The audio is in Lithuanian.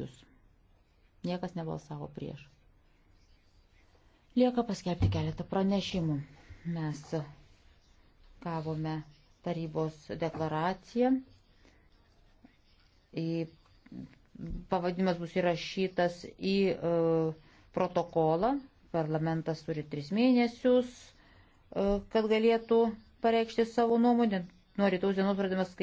Jūs. Niekas nebalsavo prieš. Lieka paskelbti keletą pranešimų. Mes gavome tarybos deklaraciją. Į pavadimas bus įrašytas į e, protokolą. Parlamentas turi tris mėnesius, e, kad galėtų pareikšti savo nuomonę. Nuo rytaus dienos pradėmas